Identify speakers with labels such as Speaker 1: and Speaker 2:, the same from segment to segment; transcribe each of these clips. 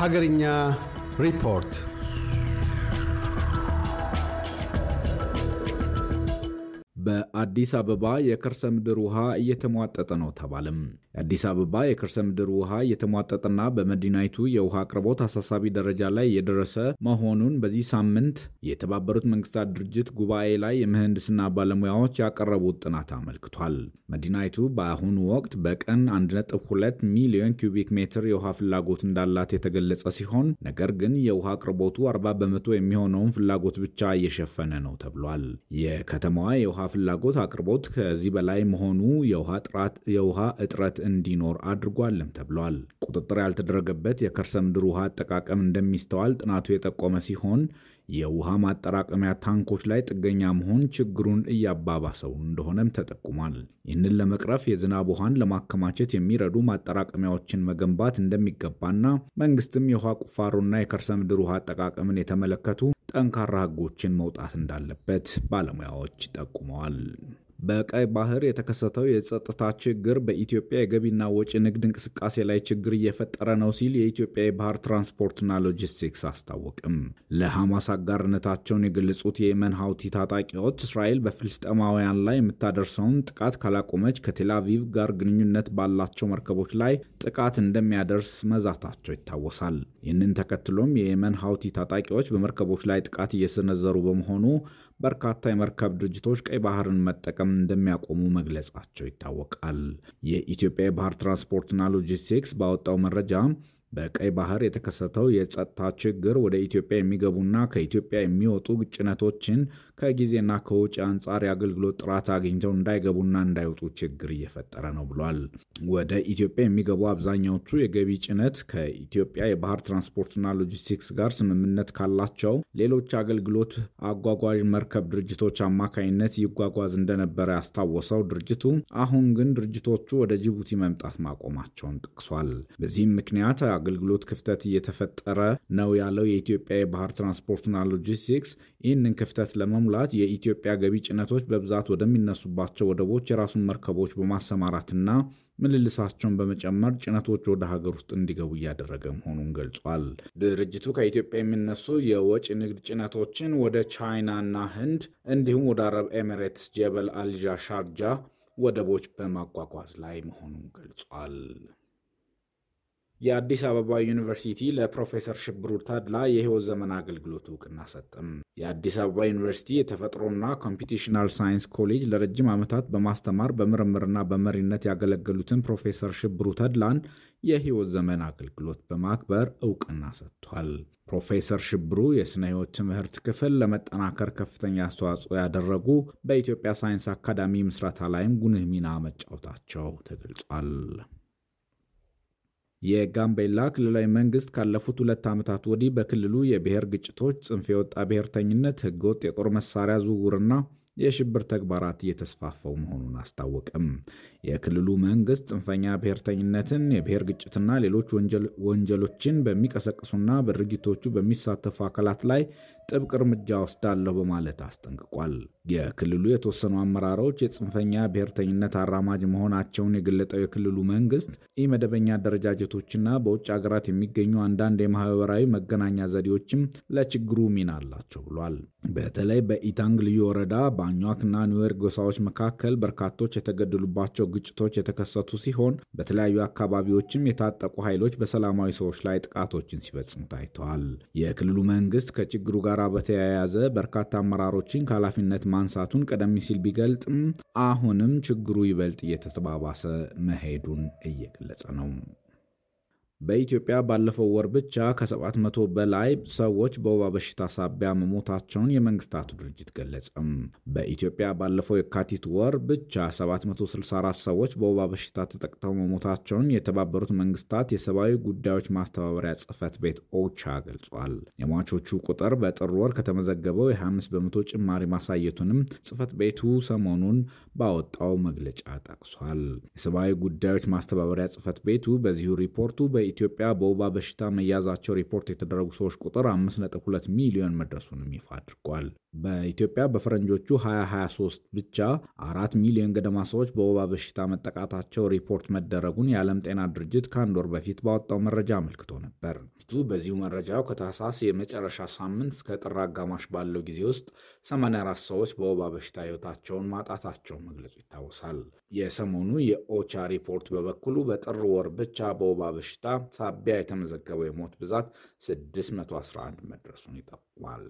Speaker 1: ሀገርኛ ሪፖርት በአዲስ አበባ የከርሰ ምድር ውሃ እየተሟጠጠ ነው ተባለም። የአዲስ አበባ የከርሰ ምድር ውሃ የተሟጠጠና በመዲናይቱ የውሃ አቅርቦት አሳሳቢ ደረጃ ላይ የደረሰ መሆኑን በዚህ ሳምንት የተባበሩት መንግስታት ድርጅት ጉባኤ ላይ የምህንድስና ባለሙያዎች ያቀረቡት ጥናት አመልክቷል። መዲናይቱ በአሁኑ ወቅት በቀን 1.2 ሚሊዮን ኪዩቢክ ሜትር የውሃ ፍላጎት እንዳላት የተገለጸ ሲሆን ነገር ግን የውሃ አቅርቦቱ 40 በመቶ የሚሆነውን ፍላጎት ብቻ እየሸፈነ ነው ተብሏል። የከተማዋ የውሃ ፍላጎት አቅርቦት ከዚህ በላይ መሆኑ የውሃ እጥረት እንዲኖር አድርጓልም ተብሏል። ቁጥጥር ያልተደረገበት የከርሰ ምድር ውሃ አጠቃቀም እንደሚስተዋል ጥናቱ የጠቆመ ሲሆን የውሃ ማጠራቀሚያ ታንኮች ላይ ጥገኛ መሆን ችግሩን እያባባሰው እንደሆነም ተጠቁሟል። ይህንን ለመቅረፍ የዝናብ ውሃን ለማከማቸት የሚረዱ ማጠራቀሚያዎችን መገንባት እንደሚገባና መንግስትም የውሃ ቁፋሮና የከርሰ ምድር ውሃ አጠቃቀምን የተመለከቱ ጠንካራ ሕጎችን መውጣት እንዳለበት ባለሙያዎች ጠቁመዋል። በቀይ ባህር የተከሰተው የጸጥታ ችግር በኢትዮጵያ የገቢና ወጪ ንግድ እንቅስቃሴ ላይ ችግር እየፈጠረ ነው ሲል የኢትዮጵያ የባህር ትራንስፖርትና ሎጂስቲክስ አስታወቅም። ለሐማስ አጋርነታቸውን የገለጹት የየመን ሀውቲ ታጣቂዎች እስራኤል በፍልስጤማውያን ላይ የምታደርሰውን ጥቃት ካላቆመች ከቴላቪቭ ጋር ግንኙነት ባላቸው መርከቦች ላይ ጥቃት እንደሚያደርስ መዛታቸው ይታወሳል። ይህንን ተከትሎም የየመን ሀውቲ ታጣቂዎች በመርከቦች ላይ ጥቃት እየሰነዘሩ በመሆኑ በርካታ የመርከብ ድርጅቶች ቀይ ባህርን መጠቀም ስራም እንደሚያቆሙ መግለጻቸው ይታወቃል። የኢትዮጵያ የባህር ትራንስፖርትና ሎጂስቲክስ ባወጣው መረጃ በቀይ ባህር የተከሰተው የጸጥታ ችግር ወደ ኢትዮጵያ የሚገቡና ከኢትዮጵያ የሚወጡ ጭነቶችን ከጊዜና ከውጭ አንጻር የአገልግሎት ጥራት አግኝተው እንዳይገቡና እንዳይወጡ ችግር እየፈጠረ ነው ብሏል። ወደ ኢትዮጵያ የሚገቡ አብዛኛዎቹ የገቢ ጭነት ከኢትዮጵያ የባህር ትራንስፖርትና ሎጂስቲክስ ጋር ስምምነት ካላቸው ሌሎች አገልግሎት አጓጓዥ መርከብ ድርጅቶች አማካኝነት ይጓጓዝ እንደነበረ ያስታወሰው ድርጅቱ አሁን ግን ድርጅቶቹ ወደ ጅቡቲ መምጣት ማቆማቸውን ጠቅሷል። በዚህም ምክንያት አገልግሎት ክፍተት እየተፈጠረ ነው ያለው የኢትዮጵያ የባህር ትራንስፖርትና ሎጂስቲክስ ይህንን ክፍተት ለመሙላት የኢትዮጵያ ገቢ ጭነቶች በብዛት ወደሚነሱባቸው ወደቦች የራሱን መርከቦች በማሰማራትና ምልልሳቸውን በመጨመር ጭነቶች ወደ ሀገር ውስጥ እንዲገቡ እያደረገ መሆኑን ገልጿል። ድርጅቱ ከኢትዮጵያ የሚነሱ የወጪ ንግድ ጭነቶችን ወደ ቻይናና ህንድ እንዲሁም ወደ አረብ ኤሚሬትስ፣ ጀበል አልጃ፣ ሻርጃ ወደቦች በማጓጓዝ ላይ መሆኑን ገልጿል። የአዲስ አበባ ዩኒቨርሲቲ ለፕሮፌሰር ሽብሩ ታድላ የህይወት ዘመን አገልግሎት እውቅና ሰጥም። የአዲስ አበባ ዩኒቨርሲቲ የተፈጥሮና ኮምፒቲሽናል ሳይንስ ኮሌጅ ለረጅም ዓመታት በማስተማር በምርምርና በመሪነት ያገለገሉትን ፕሮፌሰር ሽብሩ ተድላን የህይወት ዘመን አገልግሎት በማክበር እውቅና ሰጥቷል። ፕሮፌሰር ሽብሩ የሥነ ህይወት ትምህርት ክፍል ለመጠናከር ከፍተኛ አስተዋጽኦ ያደረጉ፣ በኢትዮጵያ ሳይንስ አካዳሚ ምስረታ ላይም ጉልህ ሚና መጫወታቸው ተገልጿል። የጋምቤላ ክልላዊ መንግስት ካለፉት ሁለት ዓመታት ወዲህ በክልሉ የብሔር ግጭቶች፣ ጽንፍ የወጣ ብሔርተኝነት፣ ህገወጥ የጦር መሳሪያ ዝውውርና የሽብር ተግባራት እየተስፋፈው መሆኑን አስታወቅም። የክልሉ መንግስት ጽንፈኛ ብሔርተኝነትን፣ የብሔር ግጭትና ሌሎች ወንጀሎችን በሚቀሰቅሱና በድርጊቶቹ በሚሳተፉ አካላት ላይ ጥብቅ እርምጃ ወስዳለሁ በማለት አስጠንቅቋል። የክልሉ የተወሰኑ አመራሮች የጽንፈኛ ብሔርተኝነት አራማጅ መሆናቸውን የገለጠው የክልሉ መንግስት ኢመደበኛ አደረጃጀቶችና በውጭ ሀገራት የሚገኙ አንዳንድ የማህበራዊ መገናኛ ዘዴዎችም ለችግሩ ሚና አላቸው ብሏል። በተለይ በኢታንግ ልዩ ወረዳ በአኟክና ኒዌር ጎሳዎች መካከል በርካቶች የተገደሉባቸው ግጭቶች የተከሰቱ ሲሆን በተለያዩ አካባቢዎችም የታጠቁ ኃይሎች በሰላማዊ ሰዎች ላይ ጥቃቶችን ሲፈጽሙ ታይተዋል። የክልሉ መንግስት ከችግሩ ጋር በተያያዘ በርካታ አመራሮችን ከኃላፊነት ማንሳቱን ቀደም ሲል ቢገልጥም አሁንም ችግሩ ይበልጥ እየተባባሰ መሄዱን እየገለጸ ነው። በኢትዮጵያ ባለፈው ወር ብቻ ከ700 በላይ ሰዎች በወባ በሽታ ሳቢያ መሞታቸውን የመንግስታቱ ድርጅት ገለጸም። በኢትዮጵያ ባለፈው የካቲት ወር ብቻ 764 ሰዎች በወባ በሽታ ተጠቅተው መሞታቸውን የተባበሩት መንግስታት የሰብአዊ ጉዳዮች ማስተባበሪያ ጽህፈት ቤት ኦቻ ገልጿል። የሟቾቹ ቁጥር በጥር ወር ከተመዘገበው የ25 በመቶ ጭማሪ ማሳየቱንም ጽህፈት ቤቱ ሰሞኑን ባወጣው መግለጫ ጠቅሷል። የሰብአዊ ጉዳዮች ማስተባበሪያ ጽህፈት ቤቱ በዚሁ ሪፖርቱ በ በኢትዮጵያ በወባ በሽታ መያዛቸው ሪፖርት የተደረጉ ሰዎች ቁጥር 5.2 ሚሊዮን መድረሱንም ይፋ አድርጓል። በኢትዮጵያ በፈረንጆቹ 2023 ብቻ አራት ሚሊዮን ገደማ ሰዎች በወባ በሽታ መጠቃታቸው ሪፖርት መደረጉን የዓለም ጤና ድርጅት ከአንድ ወር በፊት ባወጣው መረጃ አመልክቶ ነበር። ቱ በዚሁ መረጃው ከታህሳስ የመጨረሻ ሳምንት እስከ ጥር አጋማሽ ባለው ጊዜ ውስጥ 84 ሰዎች በወባ በሽታ ህይወታቸውን ማጣታቸው መግለጹ ይታወሳል። የሰሞኑ የኦቻ ሪፖርት በበኩሉ በጥር ወር ብቻ በወባ በሽታ ሳቢያ የተመዘገበው የሞት ብዛት 611 መድረሱን ይጠቁማል።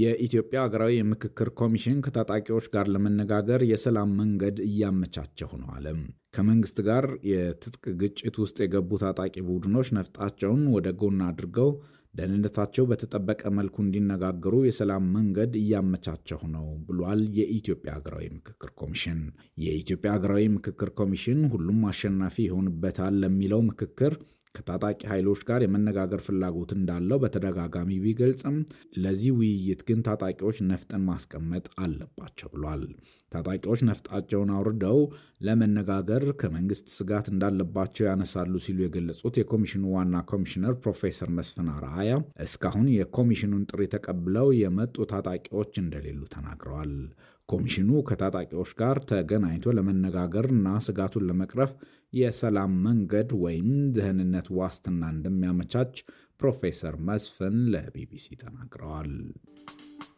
Speaker 1: የኢትዮጵያ ሀገራዊ የምክክር ኮሚሽን ከታጣቂዎች ጋር ለመነጋገር የሰላም መንገድ እያመቻቸው ነው አለም። ከመንግስት ጋር የትጥቅ ግጭት ውስጥ የገቡ ታጣቂ ቡድኖች ነፍጣቸውን ወደ ጎና አድርገው ደህንነታቸው በተጠበቀ መልኩ እንዲነጋገሩ የሰላም መንገድ እያመቻቸው ነው ብሏል የኢትዮጵያ ሀገራዊ ምክክር ኮሚሽን። የኢትዮጵያ ሀገራዊ ምክክር ኮሚሽን ሁሉም አሸናፊ ይሆንበታል ለሚለው ምክክር ከታጣቂ ኃይሎች ጋር የመነጋገር ፍላጎት እንዳለው በተደጋጋሚ ቢገልጽም ለዚህ ውይይት ግን ታጣቂዎች ነፍጥን ማስቀመጥ አለባቸው ብሏል። ታጣቂዎች ነፍጣቸውን አውርደው ለመነጋገር ከመንግስት ስጋት እንዳለባቸው ያነሳሉ ሲሉ የገለጹት የኮሚሽኑ ዋና ኮሚሽነር ፕሮፌሰር መስፍን አርአያ እስካሁን የኮሚሽኑን ጥሪ ተቀብለው የመጡ ታጣቂዎች እንደሌሉ ተናግረዋል። ኮሚሽኑ ከታጣቂዎች ጋር ተገናኝቶ ለመነጋገር እና ስጋቱን ለመቅረፍ የሰላም መንገድ ወይም ደህንነት ዋስትና እንደሚያመቻች ፕሮፌሰር መስፍን ለቢቢሲ ተናግረዋል።